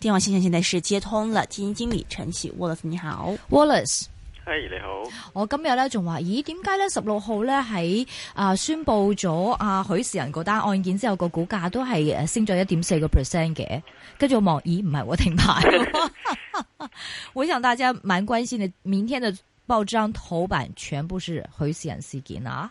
.電話線，線現在是接通了，基金經理陳昕 Wallace 你好，Wallace，、hey, 嗨你好，我今日咧仲話，咦，點解咧十六號咧喺啊宣布咗阿許仕仁嗰單案件之後，個股價都係升咗一點四個 percent 嘅，跟住我望，咦，唔係我停牌， 我想大家蠻關心的，明天的報章頭版全部是許仕仁事件啊。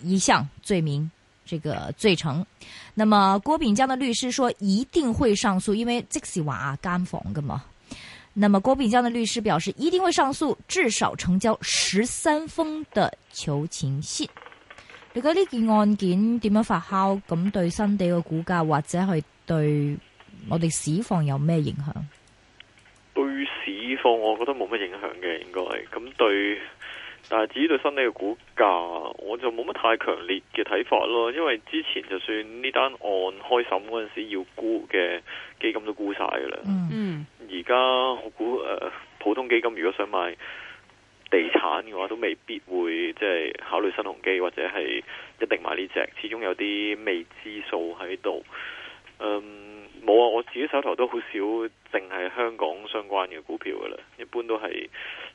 一項罪名，這個罪成。那麼郭炳江的律師說一定會上訴，因為即係話監房㗎嘛。那麼郭炳江的律師表示一定會上訴，至少成交十三封的求情信。你睇呢件案件點樣發酵？咁對新地嘅股價或者係對我哋市況有咩影響？對市況我覺得冇乜影響嘅，應該係咁對。但係至於對新地嘅股價，我就冇乜太強烈嘅睇法咯。因為之前就算呢單案開審嗰陣時候要沽嘅基金都沽晒㗎啦。嗯，而家我估誒、呃、普通基金如果想買地產嘅話，都未必會即係、就是、考慮新鴻基或者係一定買呢隻。始終有啲未知數喺度。嗯。冇啊！我自己手頭都好少，淨係香港相關嘅股票噶啦，一般都係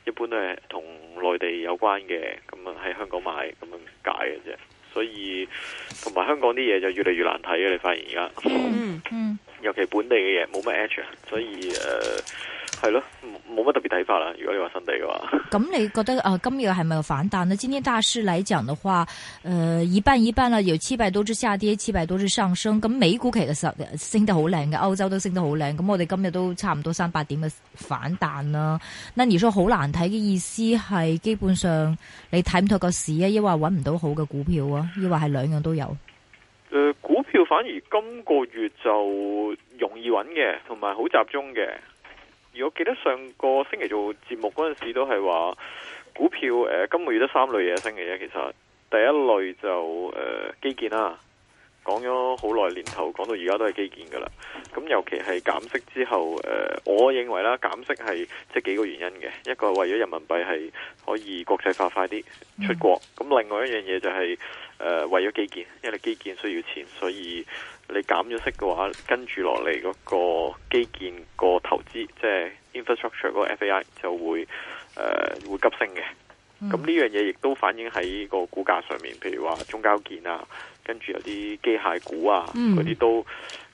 一般都係同內地有關嘅，咁啊喺香港買咁樣解嘅啫。所以同埋香港啲嘢就越嚟越難睇嘅，你發現而家，嗯嗯，尤其本地嘅嘢冇乜 Edge，所以誒。呃係咯，冇乜特別睇法啦。如果你話新地嘅話，咁你覺得啊、呃，今日係咪有反彈呢？今天大市嚟講嘅話，誒、呃，一半一半啦、啊，有七百多隻下跌，七百多隻上升。咁美股其實升得好靚嘅，歐洲都升得好靚。咁我哋今日都差唔多三百點嘅反彈啦、啊。那你說好難睇嘅意思係，基本上你睇唔透個市啊，亦或搵唔到好嘅股票啊，亦或係兩樣都有。誒、呃，股票反而今個月就容易搵嘅，同埋好集中嘅。如果記得上個星期做節目嗰陣時都係話股票誒、呃，今個月得三類嘢升嘅，其實第一類就誒、呃、基建啦、啊，講咗好耐年頭，講到而家都係基建噶啦。咁尤其係減息之後，誒、呃、我認為啦，減息係即係幾個原因嘅，一個係為咗人民幣係可以國際化快啲出國，咁、嗯、另外一樣嘢就係、是、誒、呃、為咗基建，因為基建需要錢，所以。你減咗息嘅話，跟住落嚟嗰個基建個投資，即係 infrastructure 嗰個 FAI 就會誒、呃、會急升嘅。咁呢樣嘢亦都反映喺個股價上面，譬如話中交建啊，跟住有啲機械股啊，嗰、嗯、啲都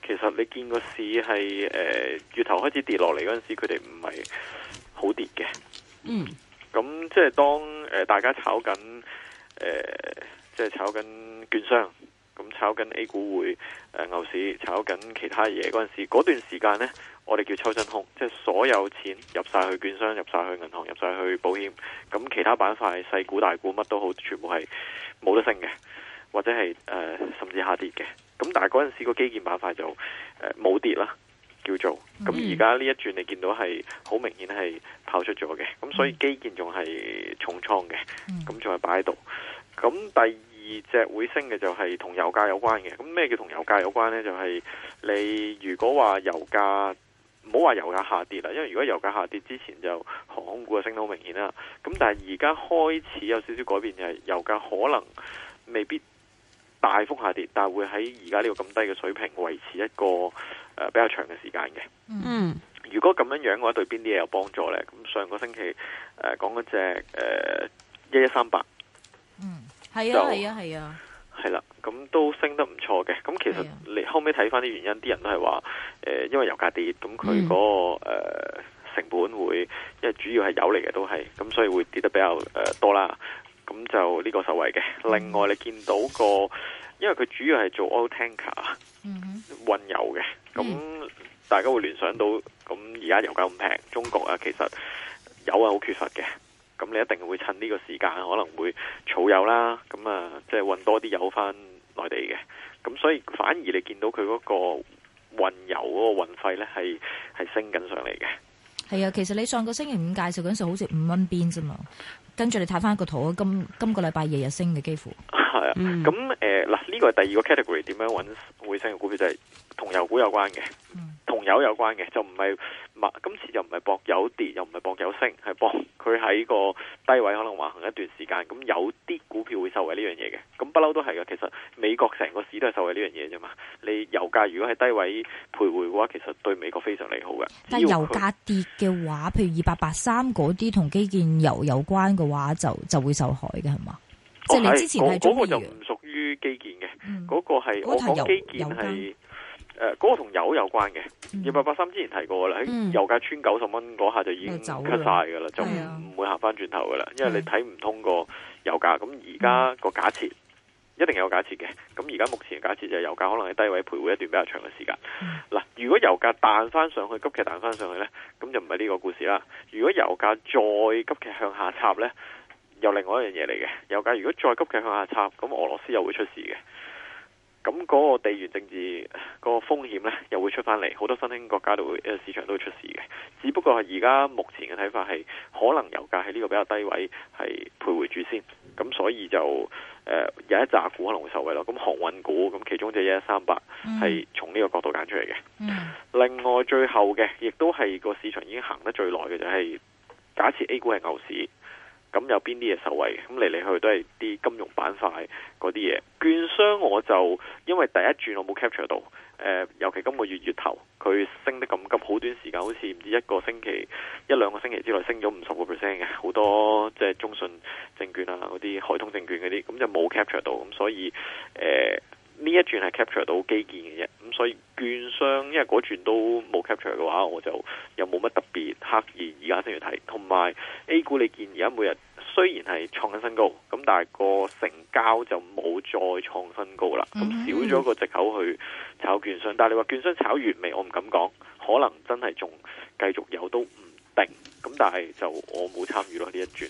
其實你見個市係誒、呃、月頭開始跌落嚟嗰陣時，佢哋唔係好跌嘅。嗯，咁即係當誒、呃、大家炒緊誒、呃，即係炒緊券商。炒緊 A 股會誒牛市，炒緊其他嘢嗰陣時，嗰段時間呢，我哋叫抽真空，即係所有錢入晒去券商，入晒去銀行，入晒去保險，咁其他板塊細股、大股乜都好，全部係冇得升嘅，或者係誒甚至下跌嘅。咁但係嗰陣時個基建板塊就誒冇跌啦，叫做咁而家呢一轉，你見到係好明顯係跑出咗嘅，咁所以基建仲係重倉嘅，咁仲係擺喺度。咁第二。二隻會升嘅就係同油價有關嘅，咁咩叫同油價有關呢？就係、是、你如果話油價唔好話油價下跌啦，因為如果油價下跌之前就航空股啊升得好明顯啦。咁但係而家開始有少少改變，就係、是、油價可能未必大幅下跌，但係會喺而家呢個咁低嘅水平維持一個誒、呃、比較長嘅時間嘅。嗯，如果咁樣樣嘅話，對邊啲嘢有幫助呢？咁上個星期誒、呃、講嗰隻誒一一三八。呃 1138, 係啊，係啊，係啊，係啦、啊，咁、啊、都升得唔錯嘅。咁其實你後尾睇翻啲原因，啲人都係話，誒、呃，因為油價跌，咁佢嗰個誒、嗯呃、成本會，因為主要係油嚟嘅，都係，咁所以會跌得比較誒、呃、多啦。咁就呢個受惠嘅、嗯。另外你見到個，因為佢主要係做 oil tanker，、嗯、運油嘅，咁大家會聯想到，咁而家油價咁平，中國啊，其實油係好缺乏嘅。咁你一定會趁呢個時間，可能會儲油啦，咁、嗯、啊，即係運多啲油翻內地嘅。咁、嗯、所以反而你見到佢嗰個運油嗰，那個運費咧，係係升緊上嚟嘅。係啊，其實你上個星期五介紹嗰陣時，好似五蚊邊啫嘛。跟住你睇翻個圖，今今個禮拜日日升嘅幾乎係啊。咁、嗯、誒、嗱、嗯、呢、呃這個係第二個 category，點樣揾會升嘅股票就係、是、同油股有關嘅。嗯有有關嘅，就唔係今次又唔係博有跌，又唔係博有升，係博佢喺個低位可能橫行一段時間。咁有啲股票會受惠呢樣嘢嘅，咁不嬲都係嘅。其實美國成個市都係受惠呢樣嘢啫嘛。你油價如果係低位徘徊嘅話，其實對美國非常利好嘅。但係油價跌嘅話，譬如二八八三嗰啲同基建油有關嘅話就，就就會受害嘅係嘛？即係、哦就是、你之前係中嗰個就唔屬於基建嘅，嗰、嗯嗰個係、嗰個、我講基建係。誒、呃，嗰、那個同油有關嘅，二八八三之前提過啦，喺、嗯、油價穿九十蚊嗰下就已經了走嘅晒噶啦，就唔會行翻轉頭噶啦、啊，因為你睇唔通個油價。咁而家個假設、嗯、一定有假設嘅，咁而家目前嘅假設就係油價可能喺低位徘徊一段比較長嘅時間。嗱、嗯，如果油價彈翻上去，急劇彈翻上去呢，咁就唔係呢個故事啦。如果油價再急劇向下插呢，又另外一樣嘢嚟嘅。油價如果再急劇向下插，咁俄羅斯又會出事嘅。咁、那、嗰個地緣政治、嗰個風險呢又會出翻嚟，好多新興國家都會市場都會出事嘅。只不過係而家目前嘅睇法係可能油價喺呢個比較低位係徘徊住先，咁所以就、呃、有一扎股可能會受惠咯。咁航運股，咁其中就一一三八係從呢個角度揀出嚟嘅。Mm. 另外最後嘅，亦都係個市場已經行得最耐嘅就係、係，假設 A 股係牛市。咁有邊啲嘢受惠？咁嚟嚟去去都係啲金融板塊嗰啲嘢。券商我就因為第一轉我冇 capture 到，呃，尤其今個月月頭佢升得咁急，好短時間，好似唔知一個星期、一兩個星期之內升咗五十個 percent 嘅，好多即係中信證券啊、嗰啲海通證券嗰啲，咁就冇 capture 到，咁所以、呃呢一轉係 capture 到基建嘅啫，咁所以券商因為嗰轉都冇 capture 嘅話，我就又冇乜特別刻意而家先要睇。同埋 A 股你見而家每日雖然係創新高，咁但係個成交就冇再創新高啦，咁少咗個藉口去炒券商。但係你話券商炒完未，我唔敢講，可能真係仲繼續有都唔定。咁但係就我冇參與咯呢一轉。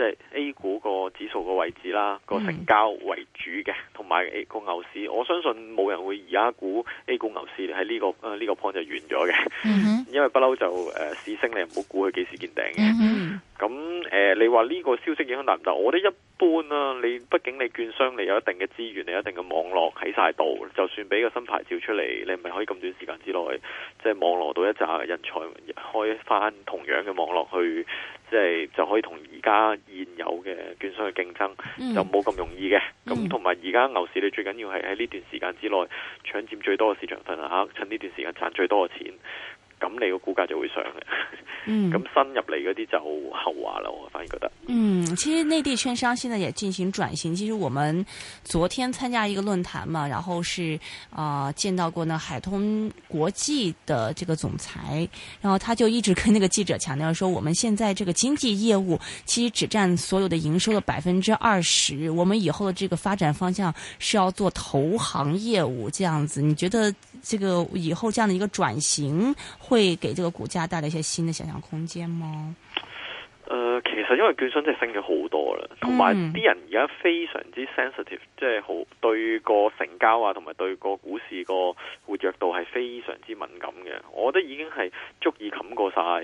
即、就、係、是、A 股個指數個位置啦，個成交為主嘅，同埋 A 股牛市，我相信冇人會而家估 A 股牛市喺呢、這個呢、這個 point 就完咗嘅，因為不嬲就誒市升，你唔好估佢幾時見頂嘅。Mm-hmm. 咁誒、呃，你話呢個消息影響大唔大？我覺得一般啦、啊。你畢竟你券商你有一定嘅資源，你有一定嘅網絡喺晒度。就算俾個新牌照出嚟，你唔係可以咁短時間之內，即、就、係、是、網絡到一紮人才，開翻同樣嘅網絡去，即、就、係、是、就可以同而家現有嘅券商去競爭，嗯、就冇咁容易嘅。咁同埋而家牛市，你最緊要係喺呢段時間之內搶佔最多嘅市場份額，趁呢段時間賺最多嘅錢。咁你個股價就會上嘅，嗯，咁 新入嚟嗰啲就後話啦，我反而覺得。嗯，其實內地券商現在也進行轉型。其實我們昨天參加一個論壇嘛，然後是啊、呃、見到過呢海通國際的這個總裁，然後他就一直跟那個記者強調說，我們現在這個經紀業務其實只佔所有的營收的百分之二十，我們以後的這個發展方向是要做投行業務，這樣子你覺得？這個以後這樣的一個轉型，會給這個股價帶來一些新的想象空間嗎？誒、呃，其實因為券商真係升咗好多啦，同埋啲人而家非常之 sensitive，即係好對個成交啊，同埋對個股市個活躍度係非常之敏感嘅。我覺得已經係足以冚過晒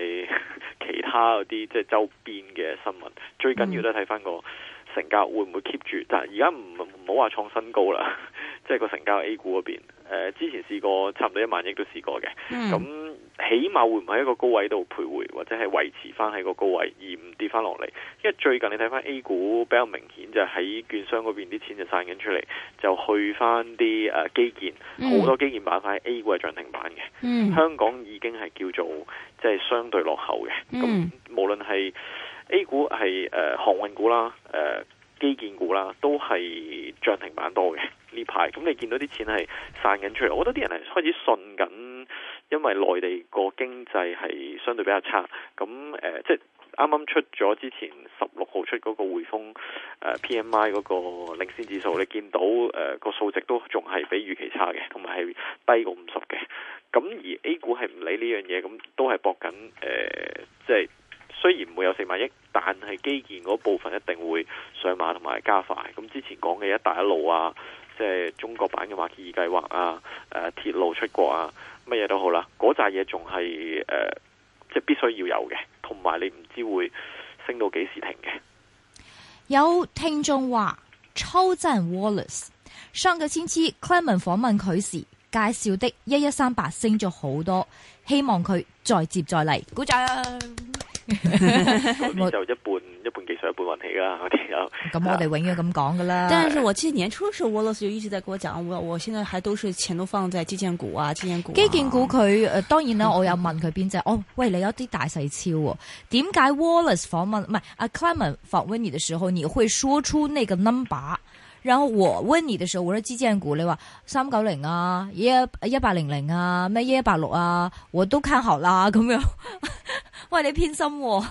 其他嗰啲即係周邊嘅新聞，最緊要都睇翻個成交、嗯、會唔會 keep 住。但係而家唔好話創新高啦。即、就、係、是、個成交喺 A 股嗰邊、呃，之前試過差唔多一萬億都試過嘅，咁、mm. 起碼會唔會喺一個高位度徘徊，或者係維持翻喺個高位而唔跌翻落嚟？因為最近你睇翻 A 股比較明顯就喺券商嗰邊啲錢就散緊出嚟，就去翻啲誒基建，好、mm. 多基建板塊 A 股係漲停板嘅。Mm. 香港已經係叫做即係、就是、相對落後嘅，咁、mm. 無論係 A 股係誒、呃、航運股啦、誒、呃、基建股啦，都係漲停板多嘅。呢排咁你見到啲錢係散緊出嚟，我覺得啲人係開始信緊，因為內地個經濟係相對比較差。咁誒，即係啱啱出咗之前十六號出嗰個匯豐、呃、P M I 嗰個領先指數，你見到誒個、呃、數值都仲係比預期差嘅，同埋係低過五十嘅。咁而 A 股係唔理呢樣嘢，咁都係搏緊誒，即、呃、係、就是、雖然唔冇有四萬一，但係基建嗰部分一定會上馬同埋加快。咁之前講嘅一帶一路啊。即係中國版嘅馬歇爾計劃啊，誒、啊，鐵路出國啊，乜嘢都好啦，嗰扎嘢仲係誒，即係必須要有嘅，同埋你唔知會升到幾時停嘅。有聽眾話：超讚 Wallace 上個星期 Clement 訪問佢時介紹的，一一三八升咗好多，希望佢再接再厲。鼓掌。 就一半一半技術一半運氣啦，我咁、嗯、我哋永遠咁講噶啦。但係我之前年初，Wallace 就一直在跟我講我現在喺都是錢都放在基建股啊，基建股、啊。基建股佢當然啦，我有問佢邊隻。哦，喂，你有啲大細超喎？點解 Wallace 訪問唔係阿 Clement 訪問你的時候，你會說出那個 number？然後我問你的時候，我說基建股你話三九零啊，一一八零零啊，咩一一八六啊，我都看好啦咁樣。 喂，你偏心，哦，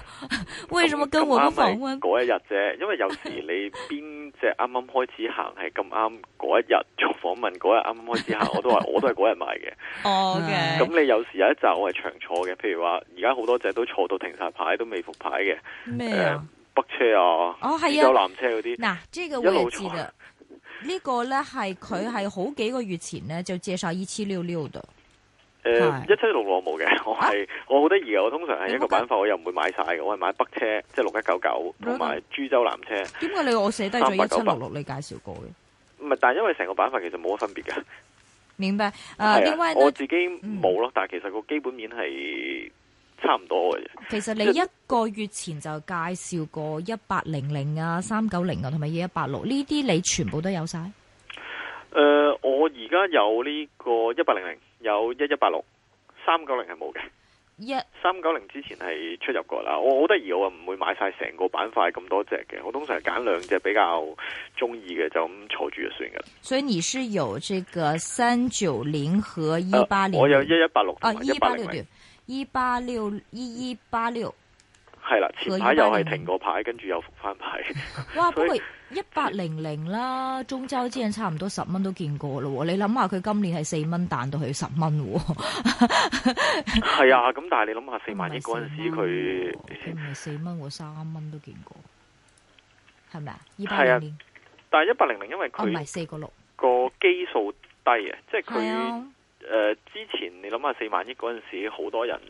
為什麼跟我咁訪問嗰一日啫？因為有時你邊隻啱啱開始行係咁啱嗰一日做訪問嗰日啱啱開始行，我都話我都係嗰日買嘅。哦，咁你有時有一集我係長坐嘅，譬如話而家好多隻都坐到停晒牌都未復牌嘅咩，呃、北車啊，哦，係啊，有纜車嗰啲嗱，呢，這個位置呢，這個咧係佢係好幾個月前咧就借晒一七六六的。誒、呃，一七六六我冇嘅，我係、啊、我好得意嘅，我通常係一個板塊我又唔會買晒嘅，我係買北車，即係六一九九同埋株洲南車。點解你我寫低咗？一七六六你介紹過嘅？唔係，但係因為成個板塊其實冇乜分別㗎。明白誒、呃啊，因為我自己冇咯、嗯，但係其實個基本面係差唔多嘅啫。其實你一個月前就介紹過一八零零啊、三九零啊同埋二一八六呢啲，186, 你全部都有晒。誒、呃，我而家有呢個一八零零。有一一八六三九零係冇嘅。一三九零之前係出入過啦，我好得意，我唔會買晒成個板塊咁多隻嘅，我通常揀兩隻比較中意嘅就咁坐住就算噶啦。所以你是有這個三九零和一八零，我有一一八六啊，一八六一八六一一八六係啦，前排又係停個牌，跟住又復翻牌。哇，不過。一百零零啦，中秋之前差唔多十蚊都見過咯。你諗下佢今年係四蚊彈到佢十蚊，係 啊。咁但係你諗下四萬億嗰陣時佢，佢唔係四蚊喎，三蚊都見過，係咪啊？二八零零，但係一百零零因為佢唔係四個六個基數低啊，就係佢係啊，即係佢誒之前你諗下四萬億嗰陣時好多人。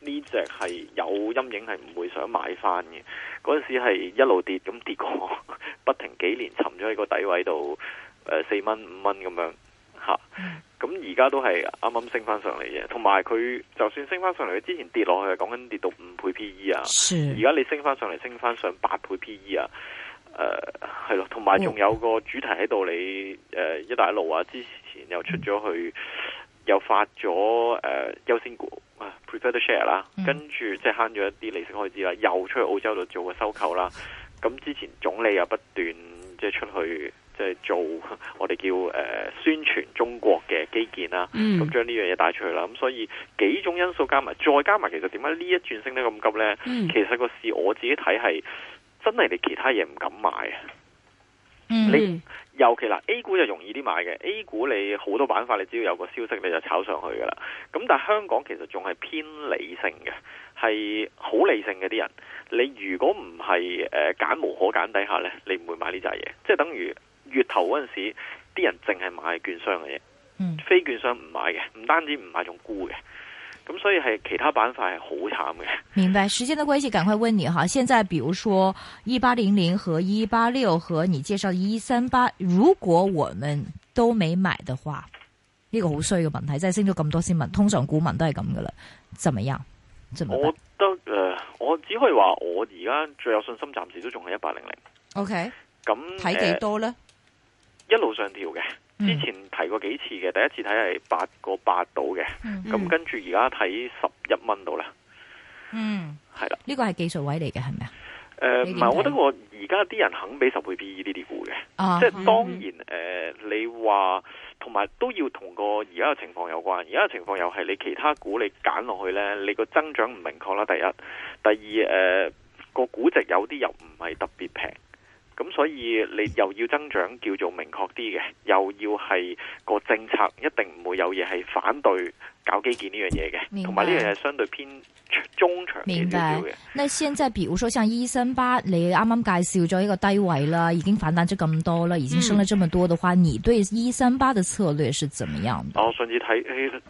呢隻係有陰影，係唔會想買翻嘅。嗰陣時係一路跌，咁跌過，不停幾年沉咗喺個底位度，誒四蚊五蚊咁樣吓。咁而家都係啱啱升翻上嚟嘅。同埋佢就算升翻上嚟，佢之前跌落去，係講緊跌到五倍 PE 啊。而家你升翻上嚟，升翻上八倍 PE 啊。誒、呃，係咯。同埋仲有，還有一個主題喺度，你誒、呃、一帶一路啊，之前又出咗去，又發咗誒、呃、優先股。prefer to share 啦、mm.，跟住即係慳咗一啲利息開支啦，又出去澳洲度做個收購啦。咁之前總理又不斷即係出去即係做我哋叫、呃、宣傳中國嘅基建啦。咁將呢樣嘢帶出去啦。咁所以幾種因素加埋，再加埋，其實點解呢一轉升得咁急呢？Mm. 其實個市我自己睇係真係你其他嘢唔敢買。你尤其嗱 A 股就容易啲買嘅、mm.，A 股你好多板塊，你只要有個消息你就炒上去噶啦。咁但係香港其實仲係偏理性嘅，係好理性嘅啲人。你如果唔係誒揀無可揀底下呢，你唔會買呢隻嘢。即係等於月頭嗰陣時，啲人淨係買券商嘅嘢，mm. 非券商唔買嘅，唔單止唔買，仲沽嘅。咁、嗯、所以係其他板塊係好慘嘅。明白，時間的關係，趕快問你哈。現在，比如說一八零零和一八六和你介紹一三八，如果我們都沒買的話，呢、這個好衰嘅問題，即係升咗咁多先問，通常股民都係咁噶啦。怎麼樣？麼我覺得誒、呃，我只可以話我而家最有信心，暫時都仲係一八零零。O、okay? K。咁睇幾多呢、呃？一路上調嘅。之前提過幾次嘅，第一次睇係八個八到嘅，咁跟住而家睇十一蚊到啦。嗯，係、嗯、啦，呢個係、嗯、技術位嚟嘅係咪啊？誒，唔、呃、係，我覺得我而家啲人肯俾十倍 P E 呢啲股嘅、啊，即係當然誒、嗯呃，你話同埋都要同個而家嘅情況有關。而家嘅情況又係你其他股你揀落去咧，你個增長唔明確啦。第一，第二誒、呃、個估值有啲又唔係特別平，咁所以你又要增長叫做明確啲嘅，又要係個政策一定唔會有嘢係反對。搞基建呢樣嘢嘅，同埋呢樣嘢係相對偏中長線重要嘅。那現在即係，比如說像一三八，你啱啱介紹咗一個低位啦，已經反彈咗咁多了，嗯，已經升咗咁多的話，你對一三八嘅策略是怎麼樣的？我上次睇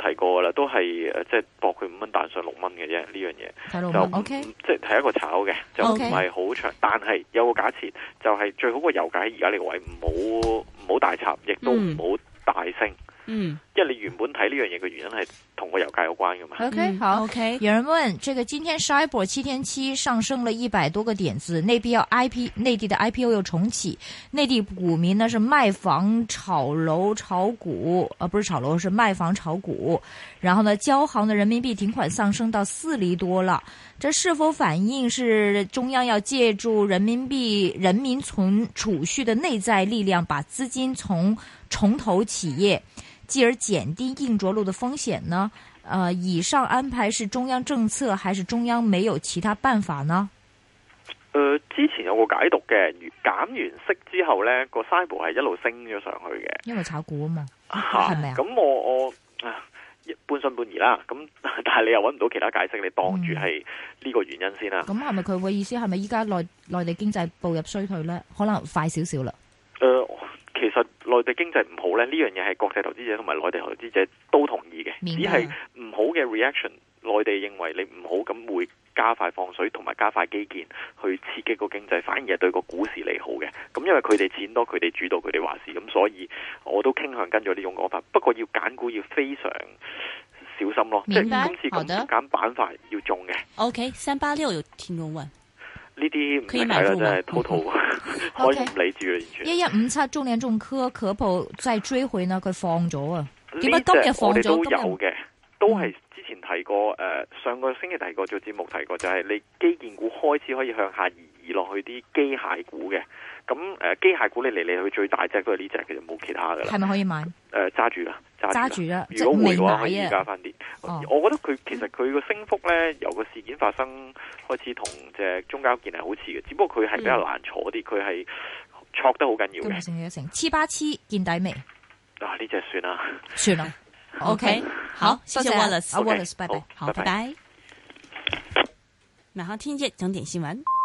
提過啦，都係即係博佢五蚊彈上六蚊嘅啫，呢樣嘢就 OK，即係係一個炒嘅，就唔係好長。Okay? 但係有個假設，就係、是、最好個油價喺而家呢個位置，唔好唔好大插，亦都唔好大升。嗯嗯，因為你原本睇呢樣嘢嘅原因係同個油價有關噶嘛。OK 好，OK 有人問，這個今天 Shibor 七天期上升了一百多個點子，內地要 I P 內地的 I P O 又重啟，內地股民呢是賣房炒樓炒股，啊不是炒樓，是賣房炒股，然後呢，交行的人民幣存款上升到四厘多了，這是否反映是中央要借助人民幣人民存儲蓄的內在力量，把資金從重投企業？繼而減低硬着陸的風險呢？呃、以上安排是中央政策，還是中央沒有其他辦法呢？呃、之前有個解讀嘅，減完息之後咧個 cycle 係一路升咗上去嘅，因為炒股啊嘛，係咪啊？咁、啊、我我、啊、半信半疑啦，咁但係你又揾唔到其他解釋，你當住係呢個原因先啦。咁係咪佢嘅意思係咪依家內內地經濟步入衰退咧？可能快少少啦。誒、呃。其實內地經濟唔好咧，呢樣嘢係國際投資者同埋內地投資者都同意嘅，只係唔好嘅 reaction。內地認為你唔好咁會加快放水同埋加快基建去刺激個經濟，反而係對個股市利好嘅。咁因為佢哋錢多，佢哋主導佢哋話事，咁所以我都傾向跟咗呢種講法。不過要揀股要非常小心咯，即係今次咁揀板塊要中嘅。OK，三八六有聽眾問。呢啲唔知埋啦，真係套套，可以唔、嗯 okay. 理住完全。一一五七中聯重科可否再追回呢？佢放咗啊？點解今日放咗？我哋都有嘅，都係之前提過。誒、嗯，上個星期提過做節目提過，就係、是、你基建股開始可以向下移落去啲機械股嘅。咁誒，機械股你嚟嚟去最大隻都係呢隻，其實冇其他噶啦。係咪可以買？誒、呃，揸住啦，揸住啦。如果會嘅話可以加翻啲。哦，我覺得佢其實佢個升幅咧，由個事件發生開始同隻中交建係好似嘅，只不過佢係比較難坐啲，佢係挫得好緊要嘅。成成黐巴黐見底未？啊，呢隻算啦，算啦。OK， 好，拜拜，okay. Okay. Bye bye. 好，拜拜。馬上聽日重點新聞。